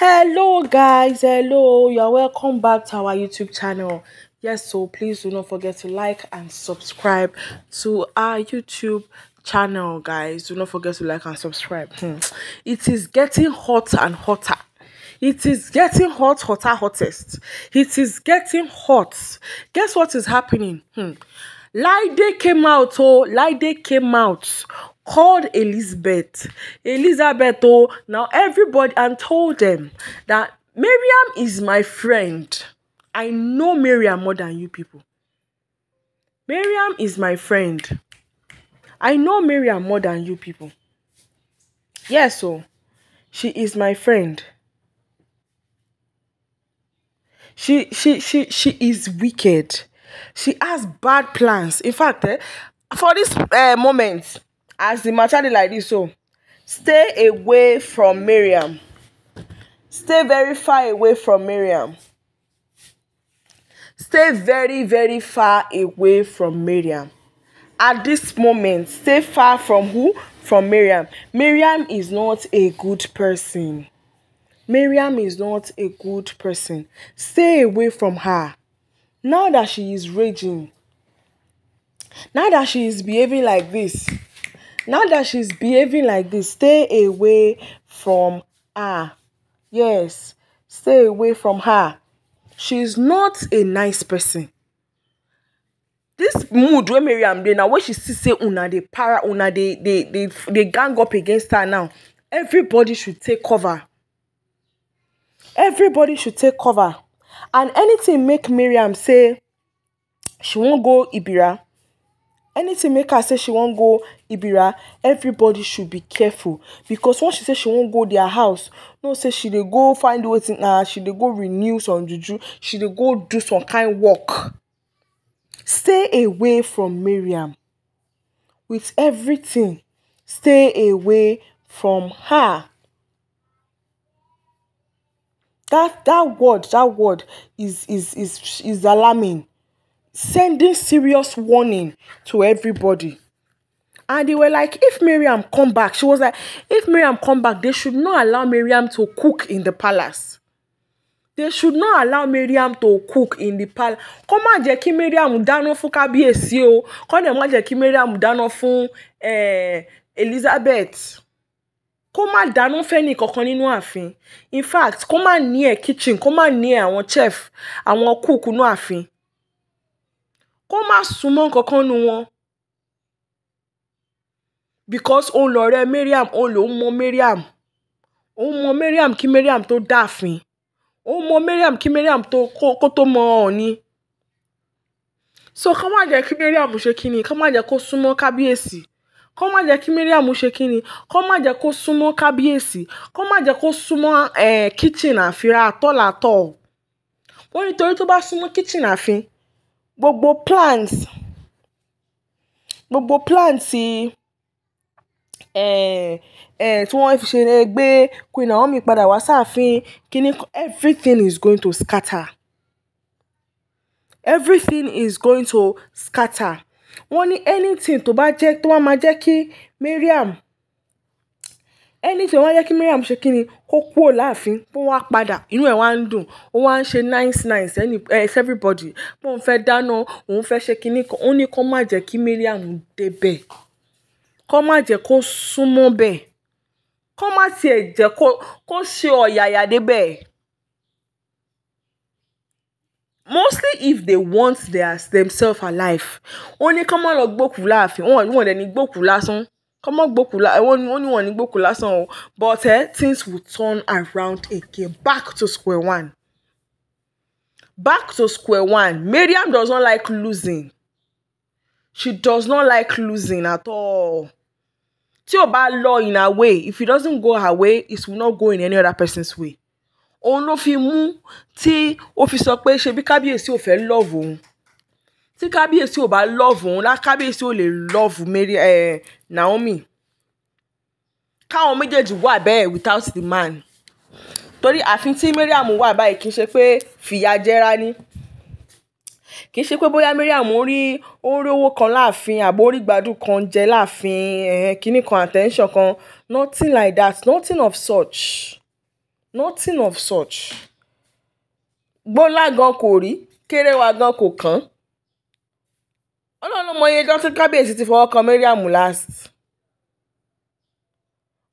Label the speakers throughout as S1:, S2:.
S1: hello guys hello you're welcome back to our youtube channel yes so please do not forget to like and subscribe to our youtube channel guys do not forget to like and subscribe hmm. it is getting hotter and hotter it is getting hot hotter hottest it is getting hot guess what is happening hmm. Lide came out, oh, Lide came out, called Elizabeth, Elizabeth, oh, now everybody, and told them that Miriam is my friend. I know Miriam more than you people. Miriam is my friend. I know Miriam more than you people. Yes, oh, she is my friend. She she she she is wicked. She has bad plans. In fact, eh, for this uh, moment, as the matter is like this, so stay away from Miriam. Stay very far away from Miriam. Stay very, very far away from Miriam. At this moment, stay far from who? From Miriam. Miriam is not a good person. Miriam is not a good person. Stay away from her. now that she is raging now that she is behaving like this now that she is behaving like this stay away from her yes stay away from her she is not a nice person this mood where mariam dey na when she see say una dey para una they they they they gang up against her now everybody should take cover everybody should take cover and anything make Miriam say she wan go Ibira anything make her say she wan go Ibira everybody should be careful because once she say she wan go their house no say she dey go find wetin na uh, she dey go renew some juju she dey go do some kind work stay away from Miriam. with everything stay away from her that that word that word is is is is alarming sending serious warning to everybody and they were like if miriam come back she was like if miriam come back they should not allow miriam to cook in the palace they should not allow miriam to cook in the palace Come on, jẹ́ miriam dáná fún kábíyèsí o come on, má Miriam, kí miriam eh elizabeth kó má dáná fẹ́ni kankan nínú ààfin in fact kó má ní ẹ̀ kitchen kó má ní ẹ̀ àwọn chef àwọn cook nínú ààfin kó má súnmọ́ kankan nu wọn because òun lọ̀rẹ́ Mariam òun lòún mọ Mariam òun mọ Mariam kí Mariam tó dáàfin òun mọ Mariam kí Mariam tó kó tó mọ Ọọ̀ni so ká má jẹ́ kí Mariam ṣe kí ni ká má jẹ́ kó súnmọ́ kábíyèsí kó má jẹ́ kí Mariam ṣe kí ni kó má jẹ́ kó súnmọ́ kábíyèsí kó má jẹ́ kó súnmọ́ kitchen àfihàn àtọ́làtọ̀ wọ́n nítorí tó bá súnmọ́ kitchen àfin gbogbo plans gbogbo plans tí wọ́n fi ṣe gbé Queen Naomi padà wá sáàfin kíní everything is going to scatter everything is going to scatter wọ́n ní anything tó bá jẹ́ tó bá máa jẹ́ kí Mariam anything tó bá jẹ́ kí Miriam ṣe kí ni kó kúrò láàfin bó wá padà inú ẹ̀ wá ń dùn ó wá ń ṣe nice nice Any, ẹ eh, everybody bó ń fẹ́ dáná òun fẹ́ ṣe kí ni kan ó ní kó má jẹ́ kí Mariam débẹ̀ kó má jẹ́ kó súnmọ́ bẹ̀ kó má tiẹ̀ jẹ́ kó ṣe ọ̀yàyà débẹ̀ mostly if they want their themselves alive ó ní kán má lọ gbókù láàfin wọn wọn dẹ̀ ní gbókù lásán kán má gbókù lásán ó ní wọn ní gbókù lásán o but eh, things will turn around again back to square one back to square one Mariam does not like losing she does not like losing at all tí o bá lọ in her way if it doesn't go her way it will not go in any other person's way òun ló fi mú tí ó fi sọ pé ṣebí kábíyèsí ò fẹ́ lọ́ọ̀vù òun tí kábíyèsí ò bá lọ́ọ̀vù òun lá kábíyèsí ò lè lọ́ọ̀vù Mary eh, Naomi káwọn méjèèjì wà bẹ́ẹ̀ without the man torí àfin tí Mariam wà báyìí kì í ṣe pé fìyà jẹra ni kì í ṣe pé bóyá Mariam rí ó rí owó kan láàfin àbó orí gbádùn kan jẹ láàfin eh, kinní kan attention kan nothing like that nothing of such nothing of such gbọ́lá gan kò rí kéré wa gan kò kàn án ọlọ́run ló mọ iye ọjọ́ tí kábíyèsí ti fọwọ́ kan mariam last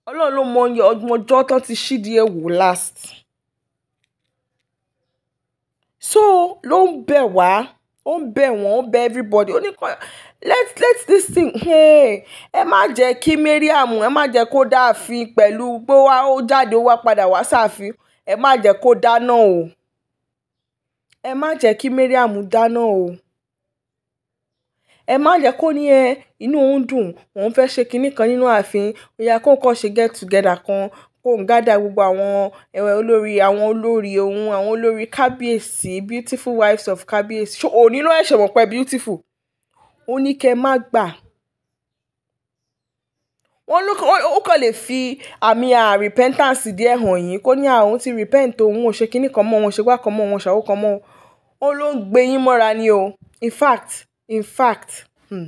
S1: ọlọ́run ló mọ iye ọjọ́ tán ti ṣídìí ewu last so ló ń bẹ̀ wá ó ń bẹ̀ wọ́n ó ń bẹ̀ everybody ó ní let let this thing Hey, ẹ má jẹ́ kí mariam ẹ má jẹ́ kó dáàfin pẹ̀lú pé ó jáde ó wá padà wá sáàfin ẹ má jẹ́ kó dáná o ẹ má jẹ́ kí mariam dáná o ẹ má jẹ́ kó ní ẹ inú òun dùn òun fẹ́ ṣe kinní kan nínú ààfin ìyá kó kọ́ ṣe get together kan kó ń gádà gbogbo àwọn ẹ̀wẹ̀ olórí àwọn olórí òun àwọn olórí kábíyèsí beautiful wives of kábíyèsí ṣó òní ló ẹ̀ṣẹ̀ mọ̀ pé beautiful òun ní kẹ́ ẹ má gbà wọn ó kàn lè fi àmì àrepentance díẹ̀ hàn yín kó ní àwọn ti repent òun ò ṣe kinní kan mọ́ wọn ṣe wá kan mọ́ wọn ṣàwó kan mọ́ ó ló ń gbé yín mọ́ra ni o in fact in fact hmm.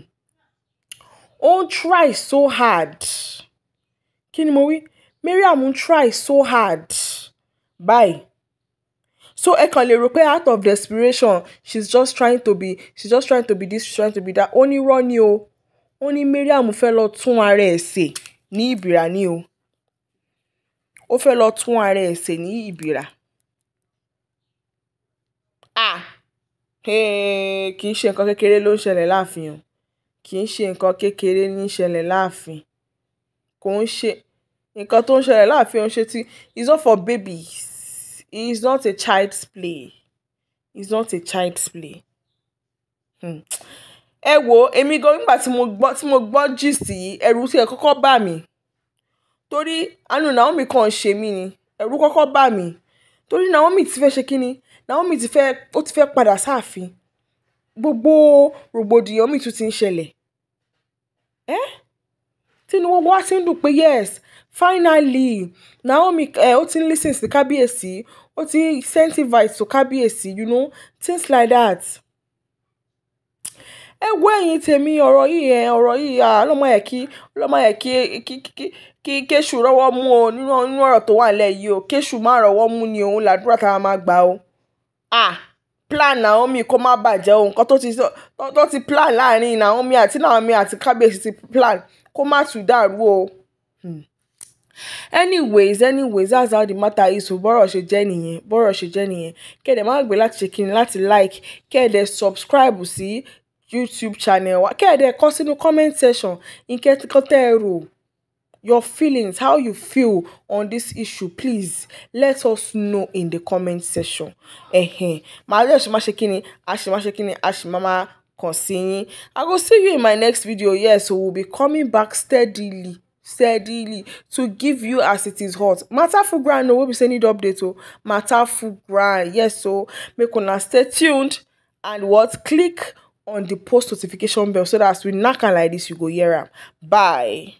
S1: ó ń try so hard kí ni mo wí Mariam ń try so hard báyìí so ẹ kàn lè rò out of desperation she's just trying to be she's just trying to be this she's trying to be that ó ní rọ́ ni o ó ní Mariam fẹ́ lọ tún ara ẹ̀ ṣe ní ìbìrà ni o ó fẹ́ lọ tún ara ẹ̀ ṣe ní ìbìrà ah eh, kì í ṣe nǹkan kékeré ló ń ṣẹlẹ̀ láàfin o kì í ṣe nǹkan kékeré ní í ṣẹlẹ̀ láàfin kò ń ṣe nǹkan tó ń ṣẹlẹ̀ láàfin ò ń ṣe tí it's all for babies it's not a child's play it's not a child's play. Hmm. Ewo, emi going gan nígbà mo gbọ́ mo gbọ́ gist Eru ẹ̀rù tí ẹ kọ́kọ́ bà mí torí àánú Naomi kan ń ṣe mí ni ẹ̀rù kọ́kọ́ bà mí torí Naomi ti fẹ́ ṣe kínni Naomi ti fẹ́ ó ti fẹ́ padà sáàfin gbogbo rògbòdìyàn mi tún ti ń Eh? tínú wá sí ń dùn pé yes finally Naomi ẹ eh, ó ti ń lis ten sí kábíyèsí ó ti incentivize to kábíyèsí you know things like that ẹ wo ẹ̀yin tèmi ọ̀rọ̀ yìí ẹ ọ̀rọ̀ yìí ọlọmọ yẹ kí ọlọmọ yẹ kí kí kí kí kéṣù rọ́wọ́ mú o nínú ọ̀rọ̀ tó wà lẹ yìí o kéṣù má rọ́wọ́ mú ni òun làdúrà tá a máa gbà o ah plan Naomi kó má bàjẹ́ o nǹkan tó ti tó ti plan láàrin Naomi àti Naomi àti kábíyèsí ti plan kó má tún dàrú o. Hmm. anyways anyways that's how the matter is o bọ́rọ̀ ṣe jẹ́ nìyẹn bọ́rọ̀ ṣe jẹ́ nìyẹn kẹ́ẹ̀dẹ̀ má gbé láti ṣe kíni láti like kẹ́ẹ̀dẹ̀ subscribe sí YouTube channel wa kẹ́ẹ̀dẹ̀ kọ sínú comment section nkẹ́ kọ́tẹ́ rò your feelings how you feel on this issue please let us know in the comment section màá lè ṣe máa ṣe kíni a i will see you in my next video yes we will be coming back steadily steadily to give you as it is hot Matter for grand, o wey be sending need update oh. matter for grand. yes so make una stay tuned and what click on the post notification bell so that as we knack am like this you go hear am bye.